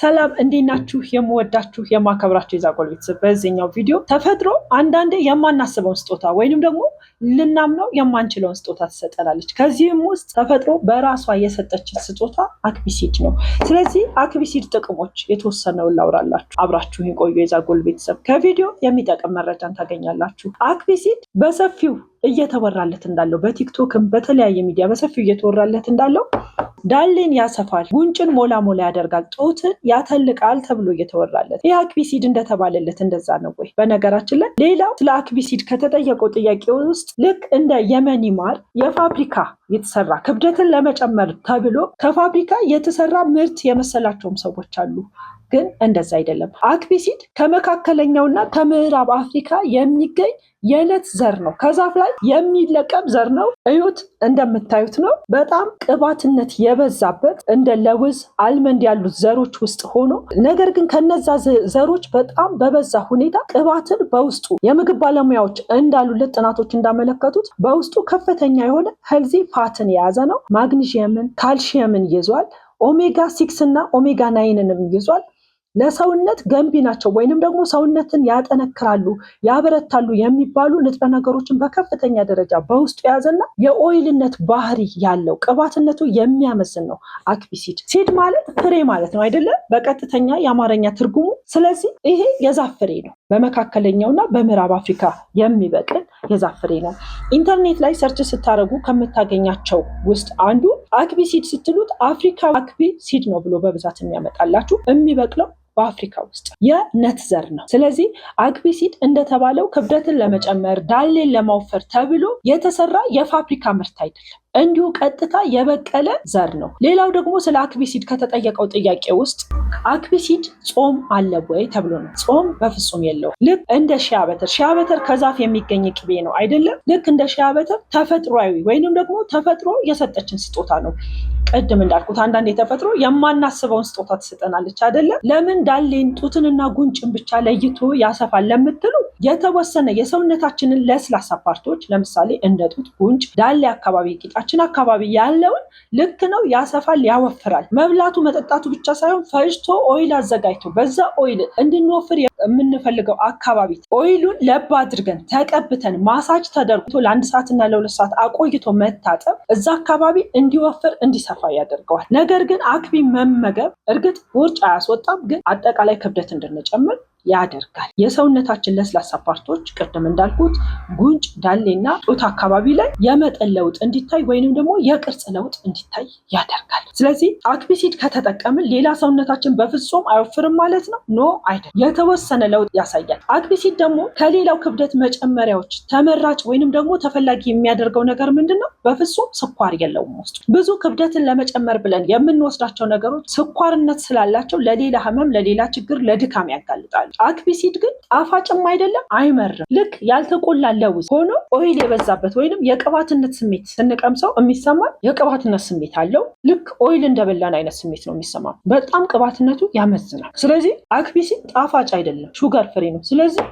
ሰላም እንዴት ናችሁ? የምወዳችሁ የማከብራችሁ የዛጎል ቤተሰብ፣ በዚህኛው ቪዲዮ ተፈጥሮ አንዳንዴ የማናስበውን ስጦታ ወይንም ደግሞ ልናምነው የማንችለውን ስጦታ ትሰጠናለች። ከዚህም ውስጥ ተፈጥሮ በራሷ የሰጠችን ስጦታ አክቢሲድ ነው። ስለዚህ አክቢሲድ ጥቅሞች የተወሰነውን ላውራላችሁ። አብራችሁ የቆዩ የዛጎል ቤተሰብ፣ ከቪዲዮ የሚጠቅም መረጃን ታገኛላችሁ። አክቢሲድ በሰፊው እየተወራለት እንዳለው በቲክቶክም በተለያየ ሚዲያ በሰፊው እየተወራለት እንዳለው ዳሌን ያሰፋል፣ ጉንጭን ሞላ ሞላ ያደርጋል፣ ጡትን ያተልቃል ተብሎ እየተወራለት ይህ አክቢሲድ እንደተባለለት እንደዛ ነው ወይ? በነገራችን ላይ ሌላው ስለ አክቢሲድ ከተጠየቀው ጥያቄ ውስጥ ልክ እንደ የመኒ ማር የፋብሪካ የተሰራ ክብደትን ለመጨመር ተብሎ ከፋብሪካ የተሰራ ምርት የመሰላቸውም ሰዎች አሉ። ግን እንደዛ አይደለም። አክቢሲድ ከመካከለኛውና ከምዕራብ አፍሪካ የሚገኝ የዕለት ዘር ነው። ከዛፍ ላይ የሚለቀም ዘር ነው። እዩት፣ እንደምታዩት ነው። በጣም ቅባትነት የበዛበት እንደ ለውዝ፣ አልመንድ ያሉት ዘሮች ውስጥ ሆኖ ነገር ግን ከነዛ ዘሮች በጣም በበዛ ሁኔታ ቅባትን በውስጡ የምግብ ባለሙያዎች እንዳሉለት ጥናቶች እንዳመለከቱት በውስጡ ከፍተኛ የሆነ ሄልዚ ፋትን የያዘ ነው። ማግኒዥየምን፣ ካልሽየምን ይዟል። ኦሜጋ ሲክስ እና ኦሜጋ ናይንንም ይዟል። ለሰውነት ገንቢ ናቸው ወይንም ደግሞ ሰውነትን ያጠነክራሉ፣ ያበረታሉ የሚባሉ ንጥረ ነገሮችን በከፍተኛ ደረጃ በውስጡ የያዘና የኦይልነት ባህሪ ያለው ቅባትነቱ የሚያመዝን ነው አክቢሲድ ሲድ ማለት ፍሬ ማለት ነው አይደለም፣ በቀጥተኛ የአማርኛ ትርጉሙ። ስለዚህ ይሄ የዛፍ ፍሬ ነው፣ በመካከለኛውና በምዕራብ አፍሪካ የሚበቅል የዛፍ ፍሬ ነው። ኢንተርኔት ላይ ሰርች ስታደርጉ ከምታገኛቸው ውስጥ አንዱ አክቢ ሲድ ስትሉት አፍሪካ አክቢ ሲድ ነው ብሎ በብዛት የሚያመጣላችሁ የሚበቅለው በአፍሪካ ውስጥ የነት ዘር ነው። ስለዚህ ሲድ እንደተባለው ክብደትን ለመጨመር ዳሌን ለማውፈር ተብሎ የተሰራ የፋብሪካ ምርት አይደለም። እንዲሁ ቀጥታ የበቀለ ዘር ነው። ሌላው ደግሞ ስለ አክቢሲድ ከተጠየቀው ጥያቄ ውስጥ አክቢሲድ ጾም አለ ወይ ተብሎ ነው። ጾም በፍጹም የለው ልክ እንደ ሺያ በተር ሺያ በተር ከዛፍ የሚገኝ ቅቤ ነው አይደለም። ልክ እንደ ሺያ በተር ተፈጥሯዊ ወይንም ደግሞ ተፈጥሮ የሰጠችን ስጦታ ነው። ቅድም እንዳልኩት አንዳንድ ተፈጥሮ የማናስበውን ስጦታ ትሰጠናለች አይደለም። ለምን ዳሌን ጡትንና ጉንጭን ብቻ ለይቶ ያሰፋል ለምትሉ የተወሰነ የሰውነታችንን ለስላሳ ፓርቶች ለምሳሌ እንደ ጡት፣ ጉንጭ፣ ዳሌ አካባቢ ቂጣ በቃችን አካባቢ ያለውን ልክ ነው፣ ያሰፋል፣ ያወፍራል። መብላቱ መጠጣቱ ብቻ ሳይሆን ፈጭቶ ኦይል አዘጋጅቶ በዛ ኦይል እንድንወፍር የምንፈልገው አካባቢ ኦይሉን ለብ አድርገን ተቀብተን ማሳጅ ተደርጎ ለአንድ ሰዓትና ለሁለት ሰዓት አቆይቶ መታጠብ እዛ አካባቢ እንዲወፍር እንዲሰፋ ያደርገዋል። ነገር ግን አክቢ መመገብ እርግጥ ውርጭ አያስወጣም፣ ግን አጠቃላይ ክብደት እንድንጨምር ያደርጋል። የሰውነታችን ለስላሳ ፓርቶች ቅድም እንዳልኩት ጉንጭ፣ ዳሌና ጡት አካባቢ ላይ የመጠን ለውጥ እንዲታይ ወይንም ደግሞ የቅርጽ ለውጥ እንዲታይ ያደርጋል። ስለዚህ አክቢሲድ ከተጠቀምን ሌላ ሰውነታችን በፍጹም አይወፍርም ማለት ነው? ኖ አይደለም፣ የተወሰነ ለውጥ ያሳያል። አክቢሲድ ደግሞ ከሌላው ክብደት መጨመሪያዎች ተመራጭ ወይንም ደግሞ ተፈላጊ የሚያደርገው ነገር ምንድን ነው? በፍጹም ስኳር የለውም ውስጡ። ብዙ ክብደትን ለመጨመር ብለን የምንወስዳቸው ነገሮች ስኳርነት ስላላቸው ለሌላ ህመም፣ ለሌላ ችግር፣ ለድካም ያጋልጣል። ይችላል። አክቢሲድ ግን ጣፋጭም አይደለም አይመርም። ልክ ያልተቆላ ለውዝ ሆኖ ኦይል የበዛበት ወይንም የቅባትነት ስሜት ስንቀምሰው የሚሰማን የቅባትነት ስሜት አለው። ልክ ኦይል እንደበላን አይነት ስሜት ነው የሚሰማ። በጣም ቅባትነቱ ያመዝናል። ስለዚህ አክቢሲድ ጣፋጭ አይደለም፣ ሹጋር ፍሪ ነው። ስለዚህ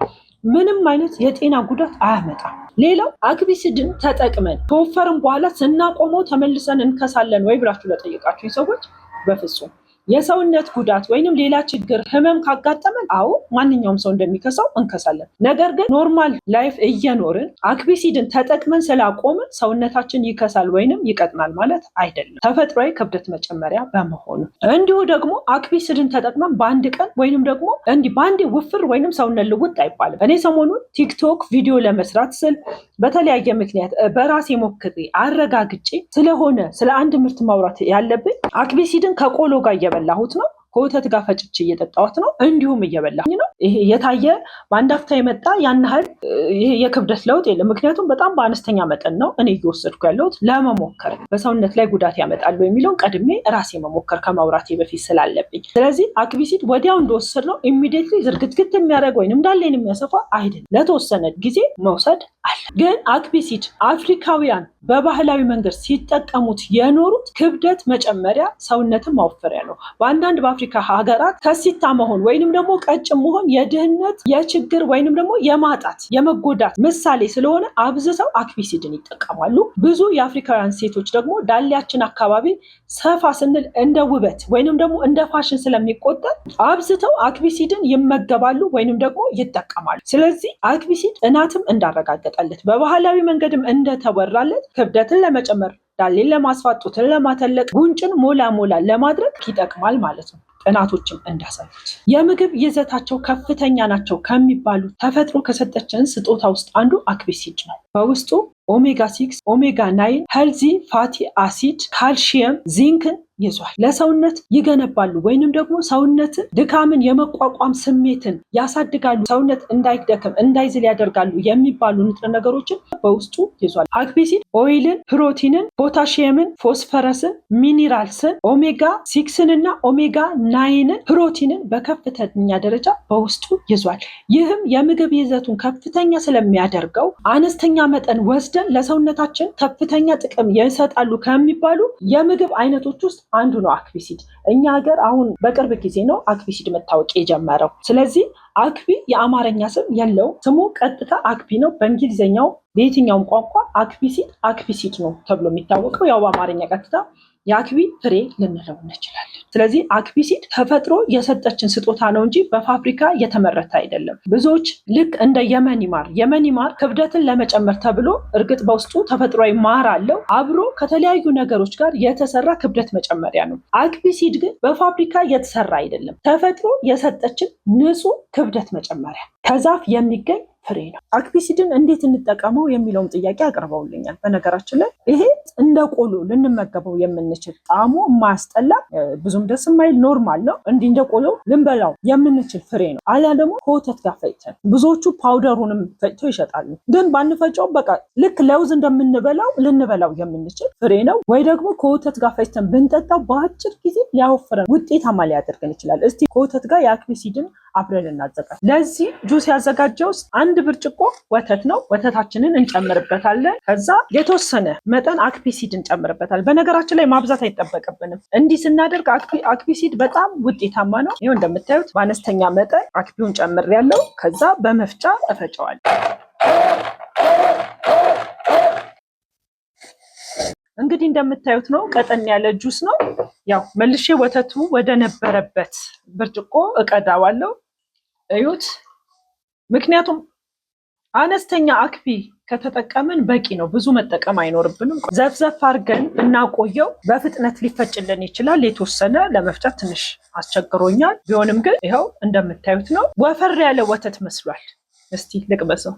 ምንም አይነት የጤና ጉዳት አያመጣም። ሌላው አክቢሲድን ተጠቅመን ከወፈርን በኋላ ስናቆመው ተመልሰን እንከሳለን ወይ ብላችሁ ለጠየቃችሁኝ ሰዎች በፍጹም የሰውነት ጉዳት ወይንም ሌላ ችግር ህመም ካጋጠመን፣ አዎ ማንኛውም ሰው እንደሚከሳው እንከሳለን። ነገር ግን ኖርማል ላይፍ እየኖርን አክቢሲድን ተጠቅመን ስላቆምን ሰውነታችን ይከሳል ወይንም ይቀጥናል ማለት አይደለም፣ ተፈጥሯዊ ክብደት መጨመሪያ በመሆኑ። እንዲሁ ደግሞ አክቢሲድን ተጠቅመን በአንድ ቀን ወይንም ደግሞ እንዲህ በአንዴ ውፍር ወይንም ሰውነት ልውጥ አይባልም። እኔ ሰሞኑን ቲክቶክ ቪዲዮ ለመስራት ስል በተለያየ ምክንያት በራሴ ሞክሬ አረጋግጬ ስለሆነ ስለ አንድ ምርት ማውራት ያለብኝ አክቢሲድን ከቆሎ ጋር እየበላሁት ነው፣ ከወተት ጋር ፈጭቼ እየጠጣሁት ነው፣ እንዲሁም እየበላሁኝ ነው። ይሄ የታየ በአንድ አፍታ የመጣ ያን ያህል የክብደት ለውጥ የለም። ምክንያቱም በጣም በአነስተኛ መጠን ነው እኔ እየወሰድኩ ያለሁት። ለመሞከር በሰውነት ላይ ጉዳት ያመጣሉ የሚለውን ቀድሜ ራሴ መሞከር ከማውራቴ በፊት ስላለብኝ፣ ስለዚህ አክቢሲት ወዲያው እንደወሰድ ነው ኢሚዲየትሊ ዝርግትግት የሚያደርግ ወይም እንዳለን የሚያሰፋ አይደለም። ለተወሰነ ጊዜ መውሰድ አለ። ግን አክቢሲድ አፍሪካውያን በባህላዊ መንገድ ሲጠቀሙት የኖሩት ክብደት መጨመሪያ ሰውነትን ማወፈሪያ ነው። በአንዳንድ በአፍሪካ ሀገራት ከሲታ መሆን ወይንም ደግሞ ቀጭን መሆን የድህነት የችግር ወይንም ደግሞ የማጣት የመጎዳት ምሳሌ ስለሆነ አብዝተው አክቢሲድን ይጠቀማሉ። ብዙ የአፍሪካውያን ሴቶች ደግሞ ዳሌያችን አካባቢ ሰፋ ስንል እንደ ውበት ወይንም ደግሞ እንደ ፋሽን ስለሚቆጠር አብዝተው አክቢሲድን ይመገባሉ ወይንም ደግሞ ይጠቀማሉ። ስለዚህ አክቢሲድ እናትም እንዳረጋገጠ እንደወጣለት በባህላዊ መንገድም እንደተወራለት ክብደትን ለመጨመር ዳሌን ለማስፋት ጡትን ለማተለቅ ጉንጭን ሞላ ሞላ ለማድረግ ይጠቅማል ማለት ነው። ጥናቶችም እንዳሳዩት የምግብ ይዘታቸው ከፍተኛ ናቸው ከሚባሉ ተፈጥሮ ከሰጠችን ስጦታ ውስጥ አንዱ አክቤሲድ ነው። በውስጡ ኦሜጋ ሲክስ፣ ኦሜጋ ናይን፣ ሄልዚ ፋቲ አሲድ፣ ካልሽየም፣ ዚንክ ይዟል። ለሰውነት ይገነባሉ ወይንም ደግሞ ሰውነት ድካምን የመቋቋም ስሜትን ያሳድጋሉ፣ ሰውነት እንዳይደክም እንዳይዝል ያደርጋሉ የሚባሉ ንጥረ ነገሮችን በውስጡ ይዟል። አክቤሲድ ኦይልን፣ ፕሮቲንን፣ ፖታሽየምን፣ ፎስፈረስን፣ ሚኒራልስን፣ ኦሜጋ ሲክስን እና ኦሜጋ ላይንን ፕሮቲንን በከፍተኛ ደረጃ በውስጡ ይዟል። ይህም የምግብ ይዘቱን ከፍተኛ ስለሚያደርገው አነስተኛ መጠን ወስደን ለሰውነታችን ከፍተኛ ጥቅም ይሰጣሉ ከሚባሉ የምግብ አይነቶች ውስጥ አንዱ ነው አክቢሲድ። እኛ ሀገር አሁን በቅርብ ጊዜ ነው አክቢሲድ መታወቅ የጀመረው። ስለዚህ አክቢ የአማርኛ ስም ያለው ስሙ ቀጥታ አክቢ ነው። በእንግሊዝኛው በየትኛውም ቋንቋ አክቢሲድ አክቢሲድ ነው ተብሎ የሚታወቀው ያው በአማርኛ ቀጥታ የአክቢ ፍሬ ልንለው እንችላለን። ስለዚህ አክቢሲድ ተፈጥሮ የሰጠችን ስጦታ ነው እንጂ በፋብሪካ የተመረተ አይደለም። ብዙዎች ልክ እንደ የመኒ ማር የመኒ ማር ክብደትን ለመጨመር ተብሎ እርግጥ በውስጡ ተፈጥሯዊ ማር አለው አብሮ ከተለያዩ ነገሮች ጋር የተሰራ ክብደት መጨመሪያ ነው። አክቢሲድ ግን በፋብሪካ የተሰራ አይደለም። ተፈጥሮ የሰጠችን ንጹህ ክብደት መጨመሪያ ከዛፍ የሚገኝ ፍሬ ነው። አክፒሲድን እንዴት እንጠቀመው የሚለውም ጥያቄ አቅርበውልኛል። በነገራችን ላይ ይሄ እንደ ቆሎ ልንመገበው የምንችል ጣዕሙ የማያስጠላ ብዙም ደስ የማይል ኖርማል ነው። እንዲህ እንደ ቆሎ ልንበላው የምንችል ፍሬ ነው። አሊያ ደግሞ ከወተት ጋር ፈጭተን ብዙዎቹ ፓውደሩንም ፈጭተው ይሸጣሉ። ግን ባንፈጨው በቃ ልክ ለውዝ እንደምንበላው ልንበላው የምንችል ፍሬ ነው። ወይ ደግሞ ከወተት ጋር ፈጭተን ብንጠጣው በአጭር ጊዜ ሊያወፍረን ውጤታማ ሊያደርገን ይችላል። እስቲ ከወተት ጋር የአክፒሲድን አብረን እናዘጋጅ። ለዚህ ጁስ ያዘጋጀውስ አንድ አንድ ብርጭቆ ወተት ነው። ወተታችንን እንጨምርበታለን። ከዛ የተወሰነ መጠን አክፒሲድ እንጨምርበታለን። በነገራችን ላይ ማብዛት አይጠበቅብንም። እንዲህ ስናደርግ አክፒሲድ በጣም ውጤታማ ነው። ይኸው እንደምታዩት በአነስተኛ መጠን አክፒውን ጨምር ያለው ከዛ በመፍጫ እፈጨዋለሁ። እንግዲህ እንደምታዩት ነው። ቀጠን ያለ ጁስ ነው። ያው መልሼ ወተቱ ወደ ነበረበት ብርጭቆ እቀዳዋለሁ። እዩት። ምክንያቱም አነስተኛ አክፊ ከተጠቀምን በቂ ነው። ብዙ መጠቀም አይኖርብንም። ዘፍዘፍ አድርገን እናቆየው። በፍጥነት ሊፈጭልን ይችላል። የተወሰነ ለመፍጨት ትንሽ አስቸግሮኛል። ቢሆንም ግን ይኸው እንደምታዩት ነው። ወፈር ያለ ወተት መስሏል። እስቲ ልቅመሰው።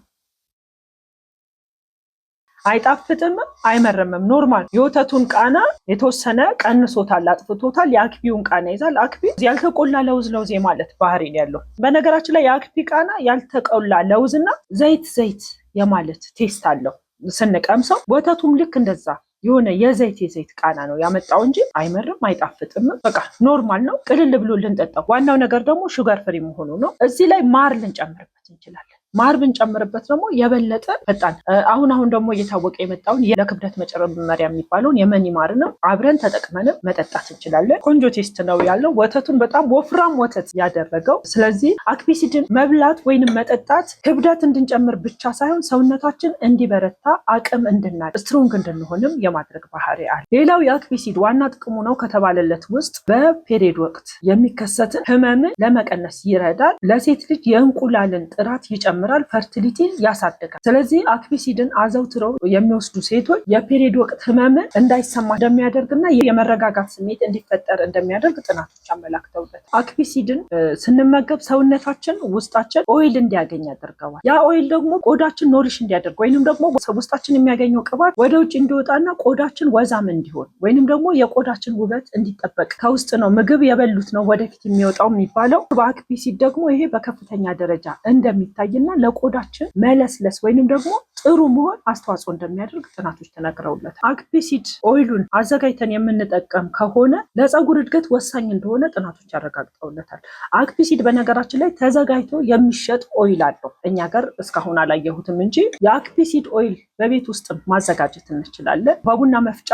አይጣፍጥምም፣ አይመርምም። ኖርማል የወተቱን ቃና የተወሰነ ቀንሶታል፣ አጥፍቶታል። የአክቢውን ቃና ይዛል። አክቢ ያልተቆላ ለውዝ ለውዝ የማለት ባህሪ ያለው በነገራችን ላይ የአክቢ ቃና ያልተቆላ ለውዝ እና ዘይት ዘይት የማለት ቴስት አለው ስንቀምሰው። ወተቱም ልክ እንደዛ የሆነ የዘይት የዘይት ቃና ነው ያመጣው እንጂ አይመርም፣ አይጣፍጥም። በቃ ኖርማል ነው፣ ቅልል ብሎ ልንጠጣው። ዋናው ነገር ደግሞ ሹገር ፍሪ መሆኑ ነው። እዚህ ላይ ማር ልንጨምርበት እንችላለን። ማር ብንጨምርበት ደግሞ የበለጠ ፈጣን አሁን አሁን ደግሞ እየታወቀ የመጣውን ለክብደት መጨመሪያ የሚባለውን የመኒ ማርንም አብረን ተጠቅመንም መጠጣት እንችላለን። ቆንጆ ቴስት ነው ያለው ወተቱን በጣም ወፍራም ወተት ያደረገው። ስለዚህ አክፒሲድን መብላት ወይንም መጠጣት ክብደት እንድንጨምር ብቻ ሳይሆን ሰውነታችን እንዲበረታ አቅም እንድናል ስትሮንግ እንድንሆንም የማድረግ ባህሪ አለ። ሌላው የአክፒሲድ ዋና ጥቅሙ ነው ከተባለለት ውስጥ በፔሬድ ወቅት የሚከሰትን ህመምን ለመቀነስ ይረዳል። ለሴት ልጅ የእንቁላልን ጥራት ይጨምራል። ይጨምራል፣ ፈርቲሊቲን ያሳድጋል። ስለዚህ አክቢሲድን አዘውትረው የሚወስዱ ሴቶች የፔሪድ ወቅት ህመምን እንዳይሰማ እንደሚያደርግና የመረጋጋት ስሜት እንዲፈጠር እንደሚያደርግ ጥናቶች አመላክተውበት አክቢሲድን ስንመገብ ሰውነታችን ውስጣችን ኦይል እንዲያገኝ ያደርገዋል። ያ ኦይል ደግሞ ቆዳችን ኖሪሽ እንዲያደርግ ወይንም ደግሞ ውስጣችን የሚያገኘው ቅባት ወደ ውጭ እንዲወጣና ቆዳችን ወዛም እንዲሆን ወይንም ደግሞ የቆዳችን ውበት እንዲጠበቅ ከውስጥ ነው ምግብ የበሉት ነው ወደፊት የሚወጣው የሚባለው በአክቢሲድ ደግሞ ይሄ በከፍተኛ ደረጃ እንደሚታይና እና ለቆዳችን መለስለስ ወይንም ደግሞ ጥሩ መሆን አስተዋጽኦ እንደሚያደርግ ጥናቶች ተናግረውለታል። አግፒሲድ ኦይሉን አዘጋጅተን የምንጠቀም ከሆነ ለፀጉር እድገት ወሳኝ እንደሆነ ጥናቶች ያረጋግጠውለታል። አግፒሲድ በነገራችን ላይ ተዘጋጅቶ የሚሸጥ ኦይል አለው። እኛ ጋር እስካሁን አላየሁትም እንጂ የአግፒሲድ ኦይል በቤት ውስጥ ማዘጋጀት እንችላለን። በቡና መፍጫ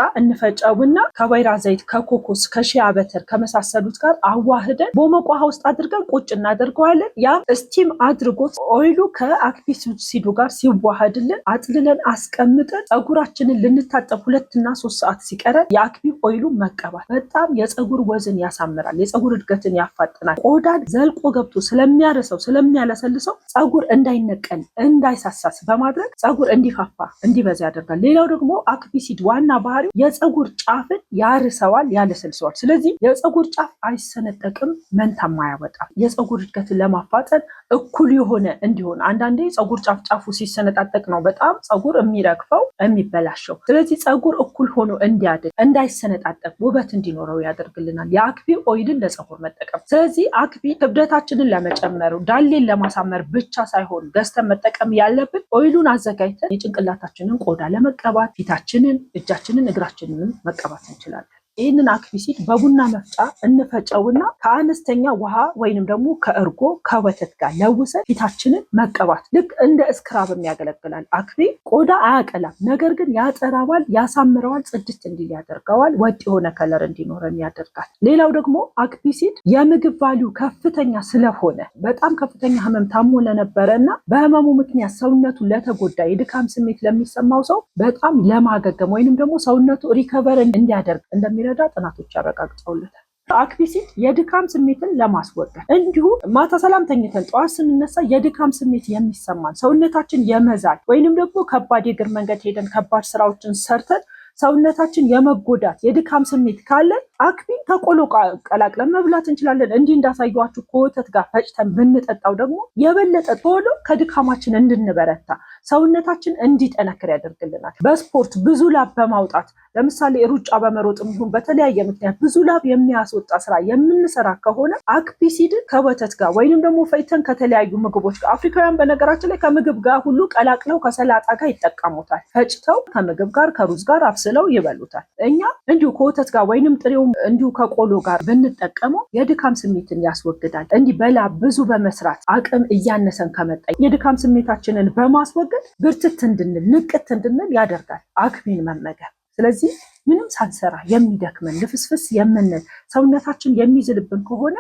ቡና ከወይራ ዘይት፣ ከኮኮስ፣ ከሺያ በተር ከመሳሰሉት ጋር አዋህደን በሞቀ ውሃ ውስጥ አድርገን ቁጭ እናደርገዋለን። ያም እስቲም አድርጎት ኦይሉ ከአክፒሲዱ ጋር ሲዋሃድልን አጥልለን አስቀምጠን ፀጉራችንን ልንታጠብ ሁለትና ሶስት ሰዓት ሲቀረን የአክቢ ኦይሉ መቀባት በጣም የፀጉር ወዝን ያሳምራል፣ የፀጉር እድገትን ያፋጥናል። ቆዳን ዘልቆ ገብቶ ስለሚያረሰው ስለሚያለሰልሰው ፀጉር እንዳይነቀል እንዳይሳሳስ በማድረግ ፀጉር እንዲፋፋ እንዲበዛ ያደርጋል። ሌላው ደግሞ አክፒሲድ ዋና ባህሪው የፀጉር ጫፍን ያርሰዋል፣ ያለሰልሰዋል። ስለዚህ የፀጉር ጫፍ አይሰነጠቅም፣ መንታም አያወጣም። የፀጉር እድገትን ለማፋጠን እኩል የሆነ እንዲሆን አንዳንዴ ፀጉር ጫፍ ጫፉ ሲሰነጣጠቅ ነው በጣም ፀጉር የሚረግፈው የሚበላሸው። ስለዚህ ፀጉር እኩል ሆኖ እንዲያድግ እንዳይሰነጣጠቅ ውበት እንዲኖረው ያደርግልናል። የአክፒ ኦይልን ለፀጉር መጠቀም። ስለዚህ አክፒ ክብደታችንን ለመጨመር ዳሌን ለማሳመር ብቻ ሳይሆን ገዝተን መጠቀም ያለብን ኦይሉን አዘጋጅተን የጭንቅላት የራሳችንን ቆዳ ለመቀባት ፊታችንን፣ እጃችንን፣ እግራችንን መቀባት እንችላለን። ይህንን አክፊሲድ በቡና መፍጫ እንፈጨውና ከአነስተኛ ውሃ ወይንም ደግሞ ከእርጎ ከወተት ጋር ለውሰን ፊታችንን መቀባት ልክ እንደ እስክራብም ያገለግላል። አክፊ ቆዳ አያቀላም፣ ነገር ግን ያጠራዋል፣ ያሳምረዋል፣ ጽድት እንዲል ያደርገዋል፣ ወጥ የሆነ ከለር እንዲኖረን ያደርጋል። ሌላው ደግሞ አክፊሲድ የምግብ ቫሊዩ ከፍተኛ ስለሆነ በጣም ከፍተኛ ህመም ታሞ ለነበረ እና በህመሙ ምክንያት ሰውነቱ ለተጎዳ የድካም ስሜት ለሚሰማው ሰው በጣም ለማገገም ወይንም ደግሞ ሰውነቱ ሪከቨር እንዲያደርግ እንደሚ እንደሚረዳ ጥናቶች ያረጋግጠውለታል። አክፊሲድ የድካም ስሜትን ለማስወገድ እንዲሁም ማታ ሰላም ተኝተን ጠዋት ስንነሳ የድካም ስሜት የሚሰማን ሰውነታችን የመዛል ወይንም ደግሞ ከባድ የእግር መንገድ ሄደን ከባድ ስራዎችን ሰርተን ሰውነታችን የመጎዳት የድካም ስሜት ካለን አክቢን ተቆሎ ቀላቅለን መብላት እንችላለን። እንዲህ እንዳሳየኋችሁ ከወተት ጋር ፈጭተን ብንጠጣው ደግሞ የበለጠ ቶሎ ከድካማችን እንድንበረታ ሰውነታችን እንዲጠነክር ያደርግልናል። በስፖርት ብዙ ላብ በማውጣት ለምሳሌ ሩጫ በመሮጥ እንዲሁም በተለያየ ምክንያት ብዙ ላብ የሚያስወጣ ስራ የምንሰራ ከሆነ አክፒሲድን ከወተት ጋር ወይንም ደግሞ ፈይተን ከተለያዩ ምግቦች ጋር አፍሪካውያን በነገራችን ላይ ከምግብ ጋር ሁሉ ቀላቅለው ከሰላጣ ጋር ይጠቀሙታል። ፈጭተው ከምግብ ጋር ከሩዝ ጋር አብስለው ይበሉታል። እኛ እንዲሁ ከወተት ጋር ወይንም ጥሬው ጨውን እንዲሁ ከቆሎ ጋር ብንጠቀመው የድካም ስሜትን ያስወግዳል። እንዲህ በላ ብዙ በመስራት አቅም እያነሰን ከመጣ የድካም ስሜታችንን በማስወገድ ብርትት እንድንል ንቅት እንድንል ያደርጋል አክሜን መመገብ። ስለዚህ ምንም ሳንሰራ የሚደክመን ልፍስፍስ የምንል ሰውነታችን የሚዝልብን ከሆነ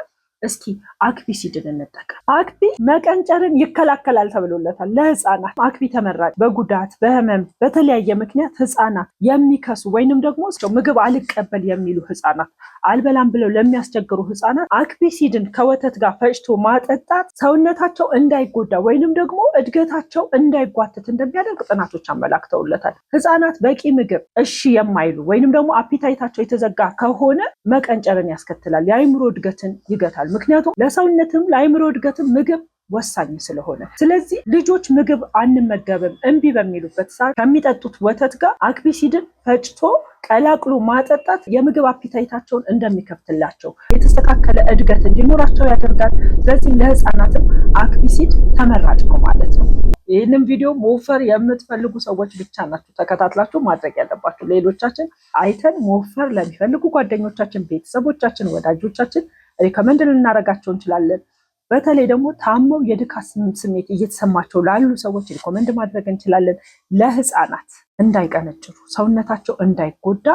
እስኪ አክቢ ሲድን እንጠቀም። አክቢ መቀንጨርን ይከላከላል ተብሎለታል ለህፃናት። አክቢ ተመራጭ በጉዳት በህመም በተለያየ ምክንያት ህፃናት የሚከሱ ወይንም ደግሞ ምግብ አልቀበል የሚሉ ህፃናት አልበላም ብለው ለሚያስቸግሩ ህፃናት አክቢ ሲድን ከወተት ጋር ፈጭቶ ማጠጣት ሰውነታቸው እንዳይጎዳ ወይንም ደግሞ እድገታቸው እንዳይጓተት እንደሚያደርግ ጥናቶች አመላክተውለታል። ህፃናት በቂ ምግብ እሺ የማይሉ ወይንም ደግሞ አፒታይታቸው የተዘጋ ከሆነ መቀንጨርን ያስከትላል፣ የአይምሮ እድገትን ይገታል። ይገባል። ምክንያቱም ለሰውነትም ለአይምሮ እድገትም ምግብ ወሳኝ ስለሆነ ስለዚህ ልጆች ምግብ አንመገብም እምቢ በሚሉበት ሰዓት ከሚጠጡት ወተት ጋር አክቢሲድን ፈጭቶ ቀላቅሎ ማጠጣት የምግብ አፒታይታቸውን እንደሚከፍትላቸው የተስተካከለ እድገት እንዲኖራቸው ያደርጋል። ስለዚህ ለህፃናትም አክቢሲድ ተመራጭ ነው ማለት ነው። ይህንም ቪዲዮ መወፈር የምትፈልጉ ሰዎች ብቻ ናችሁ ተከታትላችሁ ማድረግ ያለባችሁ። ሌሎቻችን አይተን መወፈር ለሚፈልጉ ጓደኞቻችን፣ ቤተሰቦቻችን፣ ወዳጆቻችን ሪከመንድ ልናደርጋቸው እንችላለን። በተለይ ደግሞ ታመው የድካስ ስሜት እየተሰማቸው ላሉ ሰዎች ሪኮመንድ ማድረግ እንችላለን። ለህፃናት እንዳይቀነጭሩ ሰውነታቸው እንዳይጎዳ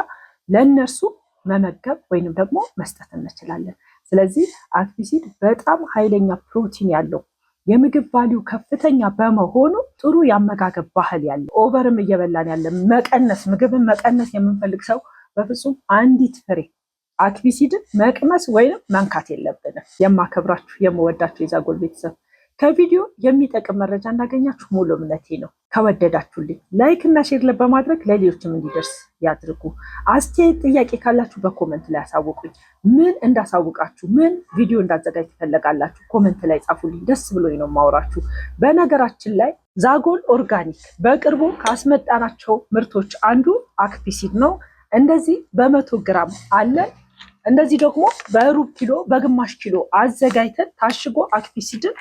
ለእነርሱ መመገብ ወይንም ደግሞ መስጠት እንችላለን። ስለዚህ አክቲሲድ በጣም ኃይለኛ ፕሮቲን ያለው የምግብ ቫሊዩ ከፍተኛ በመሆኑ ጥሩ የአመጋገብ ባህል ያለ ኦቨርም እየበላን ያለ መቀነስ ምግብን መቀነስ የምንፈልግ ሰው በፍጹም አንዲት ፍሬ አክቢሲድን መቅመስ ወይም መንካት የለብንም። የማከብራችሁ የምወዳችሁ የዛጎል ቤተሰብ ከቪዲዮ የሚጠቅም መረጃ እንዳገኛችሁ ሙሉ እምነቴ ነው። ከወደዳችሁልኝ ላይክ እና ሼር በማድረግ ለሌሎችም እንዲደርስ ያድርጉ። አስተያየት፣ ጥያቄ ካላችሁ በኮመንት ላይ አሳውቁኝ። ምን እንዳሳውቃችሁ፣ ምን ቪዲዮ እንዳዘጋጅ ትፈለጋላችሁ ኮመንት ላይ ጻፉልኝ። ደስ ብሎኝ ነው ማውራችሁ። በነገራችን ላይ ዛጎል ኦርጋኒክ በቅርቡ ካስመጣናቸው ምርቶች አንዱ አክፒሲድ ነው። እንደዚህ በመቶ ግራም አለን። እንደዚህ ደግሞ በሩብ ኪሎ በግማሽ ኪሎ አዘጋጅተን ታሽጎ አክፒሲድን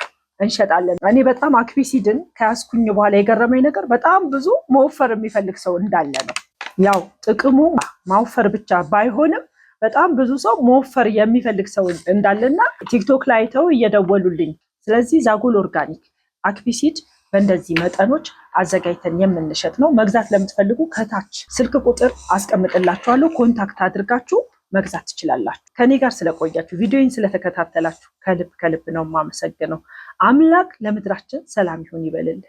እንሸጣለን። እኔ በጣም አክፒሲድን ከያዝኩኝ በኋላ የገረመኝ ነገር በጣም ብዙ መወፈር የሚፈልግ ሰው እንዳለ ነው። ያው ጥቅሙ ማወፈር ብቻ ባይሆንም በጣም ብዙ ሰው መወፈር የሚፈልግ ሰው እንዳለና ቲክቶክ ላይ አይተው እየደወሉልኝ። ስለዚህ ዛጎል ኦርጋኒክ አክፒሲድ በእንደዚህ መጠኖች አዘጋጅተን የምንሸጥ ነው። መግዛት ለምትፈልጉ ከታች ስልክ ቁጥር አስቀምጥላችኋለሁ። ኮንታክት አድርጋችሁ መግዛት ትችላላችሁ። ከኔ ጋር ስለቆያችሁ ቪዲዮን ስለተከታተላችሁ ከልብ ከልብ ነው የማመሰግነው። አምላክ ለምድራችን ሰላም ይሁን ይበልልን።